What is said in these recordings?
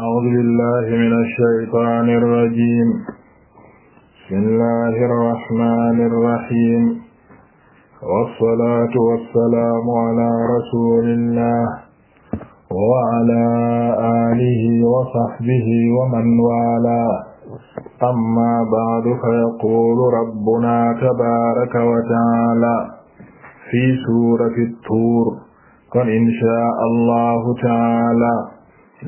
أعوذ بالله من الشيطان الرجيم بسم الله الرحمن الرحيم والصلاة والسلام على رسول الله وعلى آله وصحبه ومن والاه أما بعد فيقول ربنا تبارك وتعالى في سورة الطور قل إن شاء الله تعالى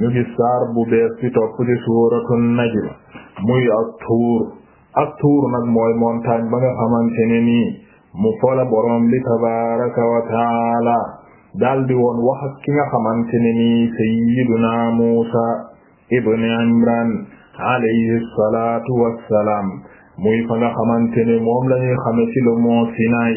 ñu gis bu bees bi topp ci suuratu najm muy at-tuur at-tuur nag mooy montagne ba nga xamante ne nii mu fola borom bi tabaaraka wa taala daldi woon wax ki nga xamante ne nii sayyiduna Muusa ibn Imran alayhi salaatu wassalaam muy fa nga xamante ne moom lañuy xame ci le mont Sinaï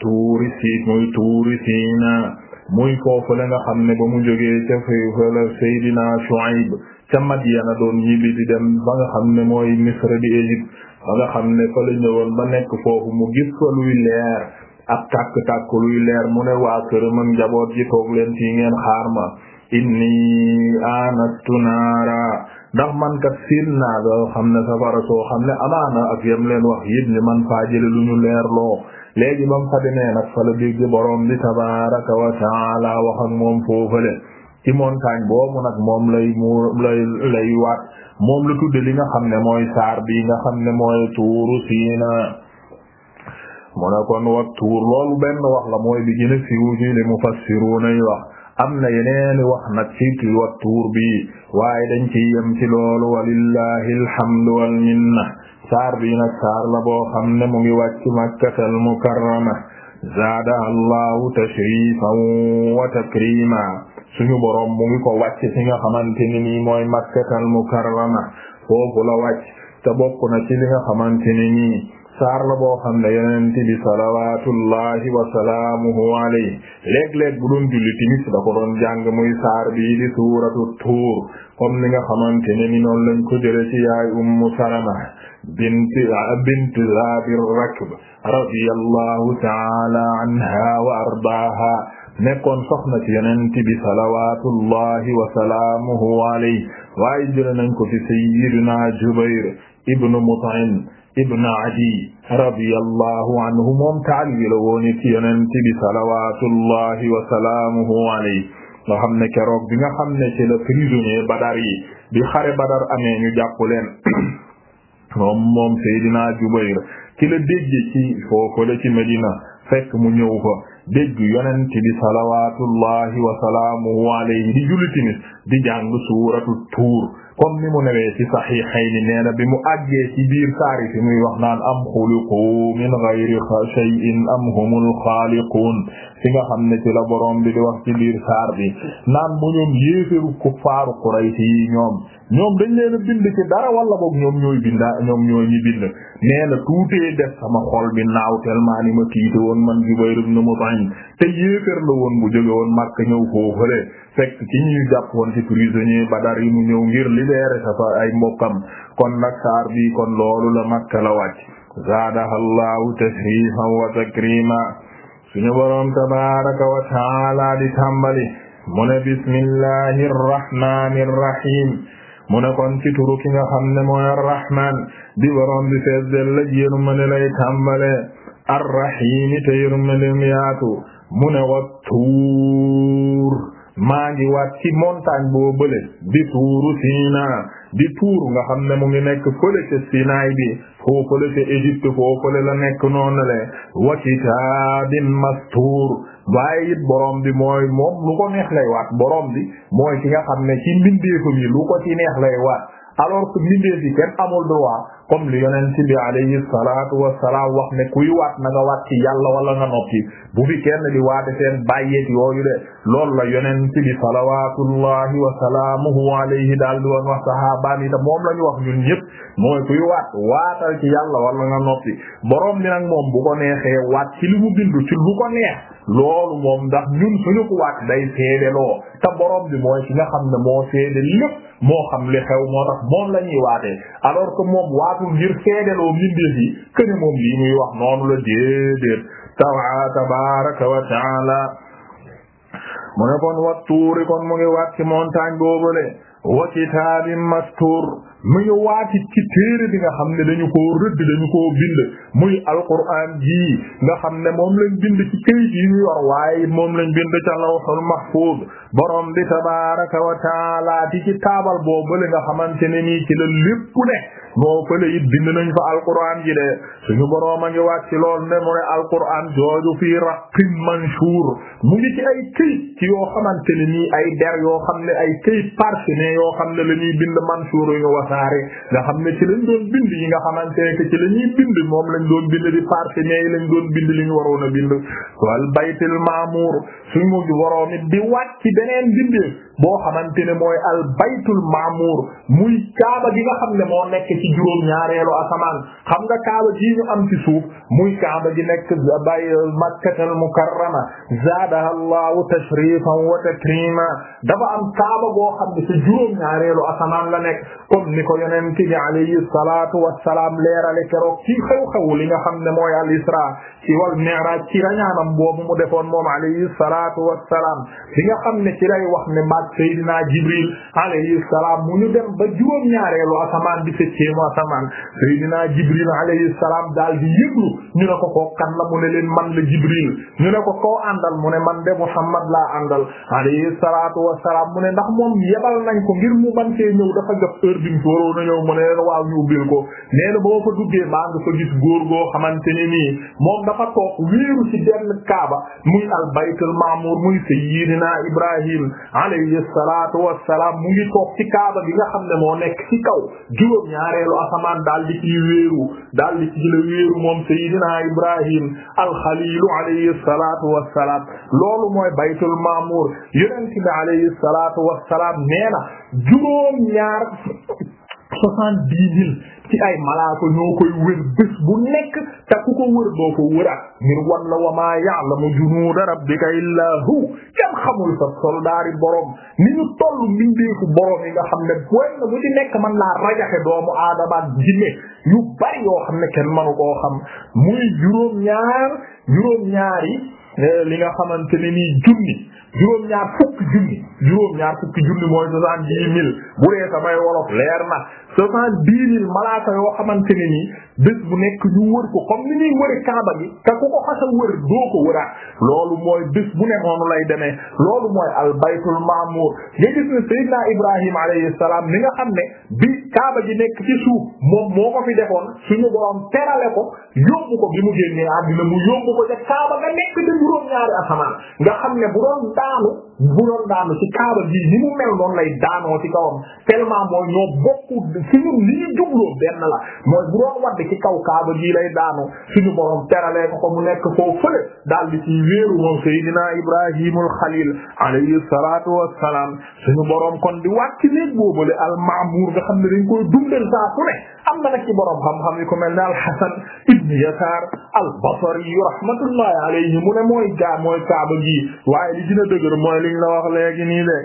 tuuri si muy tuuri Sinaa muy foofu la nga xam ne ba mu jógee ca fa la Seydina Shuayb ca Madyana doon ñibbi dem ba nga xam ne mooy Misra bi Égypte ba nga xam ne fa la ñëwoon ba nekk foofu mu gis fa luy leer ab tàkk-tàkk luy leer mu ne waa këraman njaboot ji toog leen fii ngeen xaar ma inni anastu naara ndax man kat siin naa loo xam ne safara soo xam ne amaana ak yem leen wax yit ni man faa jële lu ñu loo léegi ba mu fa demee nag fa la dégg bi tabaaraka wa taala wax moom foofale ci montagne boobu nag moom lay mu lay lay moom lu tudde li nga xam ne mooy saar bi nga xam ne mooy tuuru siina mu kon wa tuur loolu benn wax la mooy bi gën a siiw ci li mufassiruuna yi am na yeneeni wax nag ci wa tuur bi waaye dañ ci yem ci loolu walillahi alhamdu wal minna saar bii nag saar la boo xam ne mu ngi wàcc makkatal mukarrama zaada allahu tashrifan wa takrima suñu boroom mu ngi ko wàcc fi nga xamante ne nii mooy makkatal mukarrama foofu la wàcc te bokk na ci li nga xamante ne nii saar la boo xam ne yonent bi salawatullahi wa salaamuhu alayhi léeg-léeg bu doon julli timis da ko doon jàng muy saar bii di suuratu tuur comme ni nga xamante ne ni noonu lañ ko jële ci yaay ummu binti binti Zaabir Rakb radiyallahu ta'ala anha wa ardaaha nekkoon soxna ci yonent bi salawaatullahi wa salaamuhu alayhi waaye jële nañ ko fi sayyidina Jubayr ibn Mut'im ibn Adi radiyallahu anhu moom taalibe la woon ci yonent bi salawaatullahi wa salaamuhu alayhi nga xam ne keroog bi nga xam ne ci la prisonnier Badar yi bi xare Badar amee ñu jàpp leen moom moom Seydina Jubayr ki la dégg ci foofu la ci Medina fekk mu ñëw fa dégg yonent bi salawaatullahi wa salaamuhu alayhi di julli timis di jàng suuratu Tuur comme ni mu newee ci saxiixayni nee na bi mu àggee ci biir saari fi muy wax naan am xuliqu min gayri shay'in am humul xaaliquun fi nga xam ne ci la boroom bi di wax ci biir saar bi naan mu ñoom yéefaru kuffaaru Quraysh yi ñoom ñoom dañ leen a bind ci dara wala boog ñoom ñooy bindaa ñoom ñooy ñi bind nee na tuutee def sama xol bi naaw tellement ni ma tiite woon man Jubayr ibn Mut'im te yéeféer la woon bu jóge woon Makka ñëw foofale fekk ci ñuy jàppoon ci prisonnier Badar ngir libérer sa fa ay mbokkam kon nag saar bi kon loolu la Makka la wàcc zaadaha llahu tashrifan wa takrima suñu boroom tabaraka wa taala di tàmbali mu ne bismillahi arrahmani irrahim mu ne kon ci turu ki nga xam ne mooy arrahman di boroom bi fees del la yërmande lay tàmbale arrahim te yërmande yaatu mu ne wa tuur maa ngi waat ci montagne boo bële di tuuru siina di tuur nga xam ne mu ngi nekk fële ca sinaay bi foofale ca Égypte foofale la nekk noon le wa kitaabin mastuur waaye it borom bi mooy moom lu ko neex lay waat borom bi mooy ki nga xam ne ci mbindeefam yi lu ko ci neex lay waat alors que mbindeef yi kenn amul droit comme li yonent bi alayhi salaatu wassalaam wax ne kuy waat na nga waat ci yàlla wala nga noppi bu fi kenn di waate seen bàyyeet yooyu de loolu la yonent bi salawaatullahi wa salaamuhu alayhi daal di woon wax sahaabaan yi te moom la ñu wax ñun ñëpp mooy kuy waat waatal ci yàlla wala nga noppi borom bi nag moom bu ko neexee waat ci li mu bindu ci lu ko neex loolu moom ndax ñun suñu ko waat day seede loo te borom bi mooy ki nga xam ne moo seede moo xam li xew moo tax la ñuy waatee faatu ngir seedeloo mbindeef yi këne wax noonu la mu ne kon kitaabin mastuur mu ngi waati ci téere bi nga xam ne dañu koo rëdd dañu ko bind muy alquran jii nga xam ne moom lañ bind ci këyit yi ñu yor waaye moom lañ bind ca lawhul mahfuz borom bi tabaraka wa taala ci ci taabal boobu li nga xamante ne nii ci la lépp ne moo fële it bind nañ fa alquran ji de suñu borom a ngi wàcc lool ne mu ne alquran jooju fii raqim manshuur mu ngi ci ay këyit ci yoo xamante ne nii ay der yoo xam ne ay këyit parchemé yoo xam ne lañuy bind manshuur yu Canaari nga xam ne ci lañ doon bind yi nga xamante ne ci la ñuy bind moom lañ doon bind di parfumé yi lañ doon bind li ñu waroon a bind wal baytul maamur suñ mujj waroon it di waat ci beneen bindee boo xamante ne mooy al baytul maamuur muy kaaba gi nga xam ne moo nekk ci juróom ñaareelu asamaan xam nga kaaba gi ñu am ci suuf muy kaaba gi nekk bay makkatal mukarrama zaadaha allahu tashrifan wa takrima dafa am kaaba goo xam ne ci juróom ñaareelu asamaan la nekk comme ni ko yonent bi alayhi salaatu wassalaam leerale keroog ci xew-xew li nga xam ne mooy al isra ci wal mi'raj ci rañaanam boobu mu defoon salaatu wassalaam bi nga xam ne ci lay wax ne maag Seydina Jibril alayhi salaam mu ñu dem ba juróom-ñaareelu asamaan bi septième asamaan Seydina Jibril alayhi salaam daal di yëglu ñu ne ko koo kan la mu ne leen man la Jibril ñu ne ko koo àndal mu ne man de Muhammad laa àndal alayhi salaatu wassalaam mu ne ndax moom yebal nañ ko ngir mu man see ñëw dafa jot heure bi mu fi waroon a ñëw mu ne leen waaw ñu ubbil ko nee boo fa duggee maa fa gis góor goo xamante ne ni moom dafa toog wéeru ci Maamuur muy sayyidina Ibrahim alayhi salaatu wassalaam mu ngi bi nga xam ne moo nekk ci kaw juróom ñaareelu asamaan daal di ci wéeru daal di moom sayyidina Ibrahim al-Xaliilu wassalaam loolu mooy baytul Maamuur yonent bi alayhi salaatu wassalaam nee na juróom ñaar soixante dix mille ci ay malaaka ñoo koy wër bés bu nekk te ku ko wër doo ko wëraat ngir wan la wa maa ya'lamu junuuda rabbika illaa hu kenn xamul sa soldaari borom ni ñu toll mbindeefu borom yi nga xam ne booy na bu ci nekk man laa rajaxe doomu aadama ak jinne yu bari yoo xam ne kenn manu koo xam muy juróom ñaar juróom ñaari eh, li nga xamante ne nii junni juróom-ñaar fukki junni juróom-ñaar fukki junni mooy soixante-dix mille bu dee samay wolof leer na soixante-dix mille malaaka yoo xamante ne nii bés bu nekk ñu wër ko comme ni ñuy wëri kaaba gi te ku ko xasa wër doo ko wëraat loolu mooy bés bu ne noonu lay demee loolu mooy al baytul ma'mur nga gis ne Seydina Ibrahim alayhi salaam mi nga xam ne bi kaaba gi nekk ci suuf moom moo ko fi defoon suñu borom terale ko yóbbu ko bi mu génnee àddina mu yóbbu ko ca kaaba nga nekk daanu bu doon daanu ci kaaba bi ni mu mel noonu lay daanoo ci kawam tellement mooy ñoo bokku suñu li ñu jubloo benn la mooy bu doon wadd ci kaw kaaba bi lay daanu suñu borom teralee ko ko mu nekk foofu fële daal di ci wéeru moom Seydina Ibrahimul Xalil alayhi salaatu wassalaam suñu borom kon di wàcc néeg boobale al-Ma'mur nga xam ne dañ koy dundal saa su ne am na nag ci borom xam-xam yi ko mel ne al-Hasan ibn Yasaar al-Basri rahmatullahi alayhi mu ne mooy gaa mooy kaaba gi waaye li dina dëgër mooy liñ la wax léegi nii de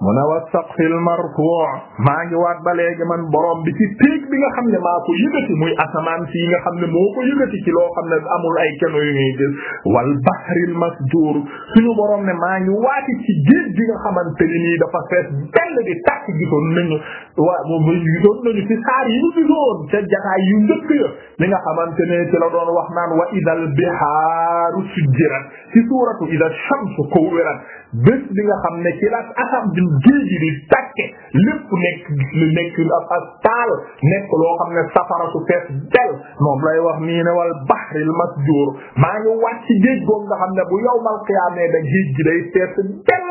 mu ne wa saqfil marfuu maa ngi waat ba léegi man borom bi ci téeg bi nga xam ne maa ko yëgati muy asamaan si nga xam ne moo ko yëgati ci loo xam ne amul ay keno yu ñuy gis wal bahril masjuur suñu borom ne maa ngi waati ci géej bi nga xamante ni nii dafa fees dell di tàkk gisoon nañu waa gisoon nañu ci saar gisoon nga xamante ne ci la doon wax naan wa idal bihaaru sujjirat ci suuratu idal shamsu kuwirat bi nga xam ne ci la asam géej gi di tàkke lépp nekk nekk ak taal nekk loo xam ne safara su fees del moom lay wax nii ne wal bahril masjuur maa ngi wàcc ci géej googu nga xam ne bu yawmal qiyaama da géej gi day fees del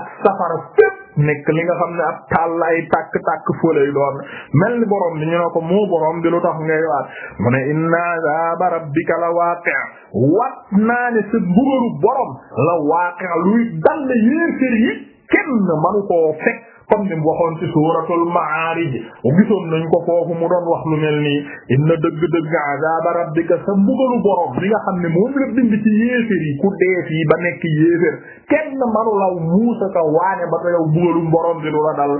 ak safara fépp nekk li nga xam ne ab taal lay tàkk tàkk fëlay doon mel ni borom bi ñu ne ko moo borom bi lu tax ngay waat mu ne inna azaba rabbika la waaqi' wat naa ne sa mbugalu borom la waaqi' luy dal yéefér yi kenn manu koo fekk comme ni mu waxoon ci nañ ko mu mel nii inna dëgg-dëgg azaaba rabbika sa mbugalu borom li nga xam ne moom la bind ci yéefér ku dee fii ba nekk yéefér kenn manu law muusa ka waane ba ko yow mbugalu borom bi du la dal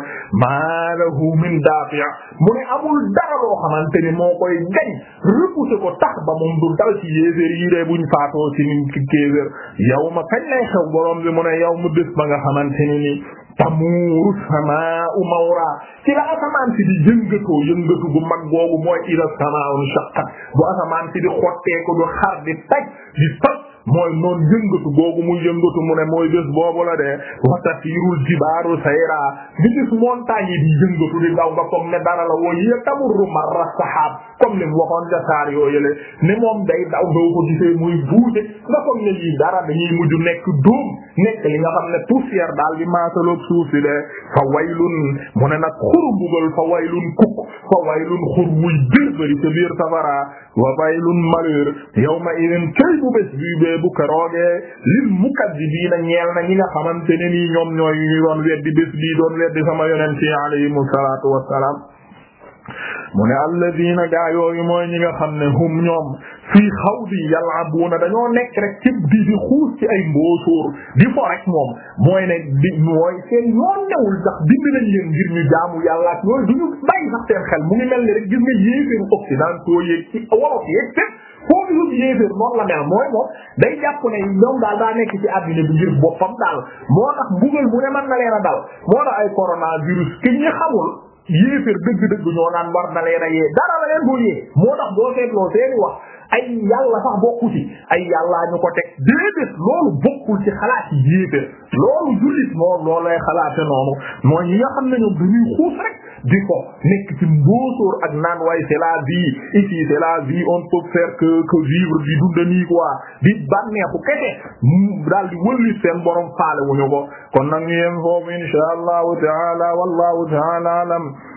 maa lahu min daafi' mu ne amul dara loo xamante ni moo koy gañ repousser ko tax ba moom dal ci yéefér yi de buñ faatoo ci ni ci kéefér yow ma lay xew borom bi mu ne yow mu bés ba nga xamante ni tamuuru samaa'u mawra ci la asamaan si di yëngatoo yëngatu bu mag googu mooy ila samaa'u shaqqat bu asamaan si di xotteeku du xar di taj di toj mooy noon yëngatu boobu mu yëngatu mu ne mooy bés boobu la de wata fiirul jibaaru sayra di gis montagne yi di yëngatu di daw nga comme ne dara la woo yee tamurru marra saxaab comme li mu waxoon ca saar yoo yële ne moom day daw doo ko gisee muy buuje nga comme ne lii dara dañuy mujj nekk dóom nekk li nga xam ne poussière daal di maasaloog suuf si de fa waylun mu ne nag xur fa waylun kuk fa waylun xur wuy biir bëri ca biir safara wa waylun malheur yawma bu keroogee lil mukaddibiina ñeel na ñi nga xamante ne ni ñoom ñooy ñu doon weddi bés bii doon weddi sama yonent yi alayhimu salaatu wassalaam mu ne alladina gaa yooyu mooy ñi nga xam ne hum ñoom fii xawdi yal'abuuna dañoo nekk rek ci bi di xuus ci ay mboosóor di fo rek moom mooy ne di mooy seen yoon newul sax bind nañ leen ngir ñu jaamu yàlla ak yooyu du ñu bàyyi sax seen xel mu ngi mel ni rek gis nga yéeféeru occidentaux yeeg ci wolof yeeg fépp foo gisum yéeféer noonu la mel mooy moom day jàpp ne ñoom daal daa nekk ci àddina bi ngir boppam daal moo tax mbugal mu ne mën na leen a dal moo tax ay coronavirus ki ñu xamul yéeféer dëgg-dëgg ñoo naan war na leen yee dara la leen moo tax boo seetloo seeni wax ay yàlla sax bokku ci ay yàllaa ñu ko teg déedéet loolu bokkul ci xalaat yi loolu jullit moom loolu lay xalaate noonu mooy ñi nga xam ne ñoom rek di ko nekk ci mbóosóor ak naan waay c'est la vie ici c'est la vie on peut faire que vivre di dunda nii quoi di bànneexu kese daal di wëllit seen borom faale wuñu ko kon nag ñu yem foofu insha allahu taala